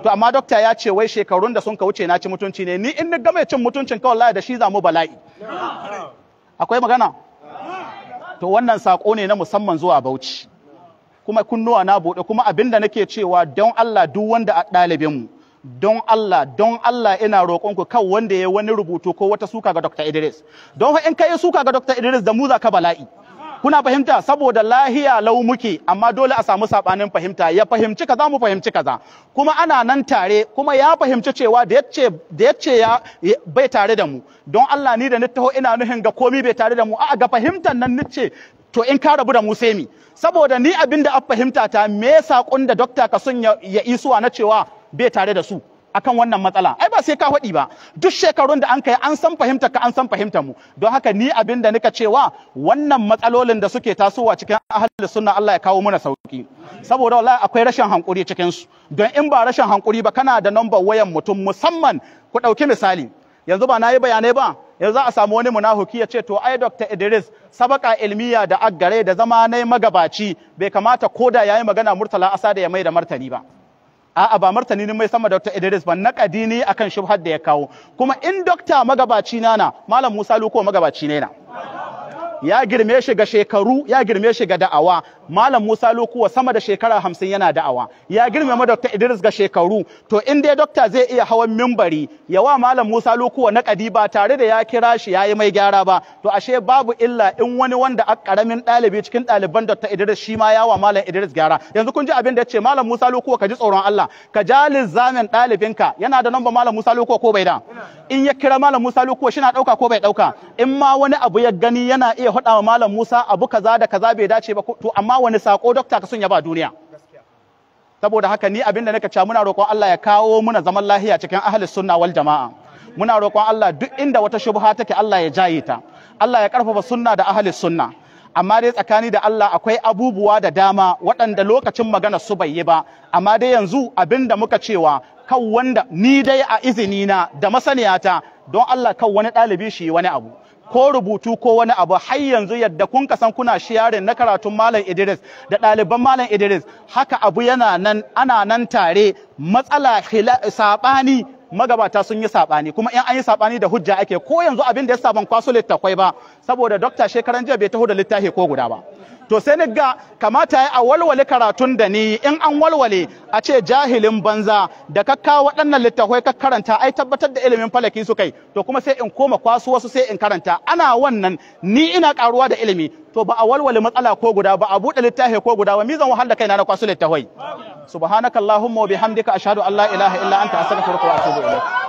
to amma dokta ya ce wai shekarun da sun ka wuce na cin mutunci ne ni in na game cin mutuncin kawai Allah da shi za bala'i akwai magana to wannan sako ne na musamman zuwa Bauchi kuma kunnuwa na buɗe kuma abinda nake cewa don Allah duk wanda a ɗalibin mu don Allah don Allah ina roƙonku kan wanda ya wani rubutu ko wata suka ga Dr. Idris don in ka yi suka ga Dr. Idris da mu za ka bala'i kuna fahimta saboda lahiya lau muke amma dole a samu sabanin fahimta ya fahimci kaza mu fahimci kaza kuma ana nan tare kuma ya fahimci cewa da yace da yace ya bai tare da mu don Allah ni da ni taho ina nuhin ga komi bai tare da mu a ga fahimtar nan nace to in ka rabu da mu sai mi saboda ni abinda da an fahimta ta me sakon da dokta ka sun ya isuwa na cewa bai tare da su akan wannan matsala ai ba sai ka faɗi ba duk shekarun da an kai an san fahimta ka an san fahimta mu don haka ni abin da nika cewa wannan matsalolin da suke tasowa cikin ahlus sunna Allah ya kawo muna sauki saboda wallahi akwai rashin hankuri cikin su don in ba rashin hankuri ba kana da number wayan mutum musamman ku ɗauki misali yanzu ba nayi bayanai ba yanzu za a samu wani munafuki ya ce to ai Dr. Idris sabaka ilmiya da aggare da zama nayi magabaci bai kamata koda yayi magana murtala asa da ya mai da martani ba a'a ba martani ne mai sama Dr. Idris ba naƙadi ne akan shubhar da ya kawo kuma in dokta magabaci na na malam Musa Luko magabaci ne na ya girme shi ga shekaru ya girme shi ga da'awa malam Musa Lokuwa sama da shekara hamsin yana da'awa ya girme ma Dr. Idris ga shekaru to in dai dokta zai iya hawan mimbari ya wa malam Musa Lokuwa na kadi ba tare da ya kira shi ya yi mai gyara ba to ashe babu illa in wani wanda a karamin ɗalibi cikin ɗaliban Dr. Idris shi ma ya wa malam Idris gyara yanzu kun ji abin da ya ce malam Musa Lokuwa ka ji tsoron Allah ka ja lizamin ɗalibinka yana da namba malam Musa Lokuwa ko bai da in ya kira malam Musa Lokuwa shi na ɗauka ko bai ɗauka in ma wani abu ya gani yana iya faɗa wa malam Musa abu kaza da kaza bai dace ba to amma wani sako dokta ka sun ya ba duniya saboda haka ni abinda nake cewa muna roƙon Allah ya kawo muna zaman lahiya cikin ahli sunna wal jama'a muna roƙon Allah duk inda wata shubha take Allah ya jaye ta Allah ya karfafa sunna da ahli sunna amma dai tsakani da Allah akwai abubuwa da dama waɗanda lokacin magana su bai yi ba amma dai yanzu abinda muka cewa kan wanda ni dai a izini na da masaniyata don Allah kan wani ɗalibi shi wani abu ko rubutu ko wani abu har yanzu yadda kun kasan kuna sharing na karatun Malam Idris da ɗaliban Malam Idris haka abu yana nan ana nan tare matsala saɓani magabata sun yi saɓani kuma in an yi saɓani da hujja ake ko yanzu abin da ya saban kwaso littafai ba saboda dokta shekaran jiya bai taho da littafi ko guda ba to sai ni ga kamata ya a walwale karatun da ni in an walwale a ce jahilin banza da ka kawo waɗannan littafai ka karanta ai tabbatar da ilimin falaki su kai to kuma sai in koma kwasu wasu sai in karanta ana wannan ni ina karuwa da ilimi to ba a walwale matsala ko guda ba a buɗe littafi ko guda ba mizan wahala kaina na kwasu littafai subhanakallahumma wa bihamdika ashhadu an la ilaha illa anta astaghfiruka wa atubu ilaik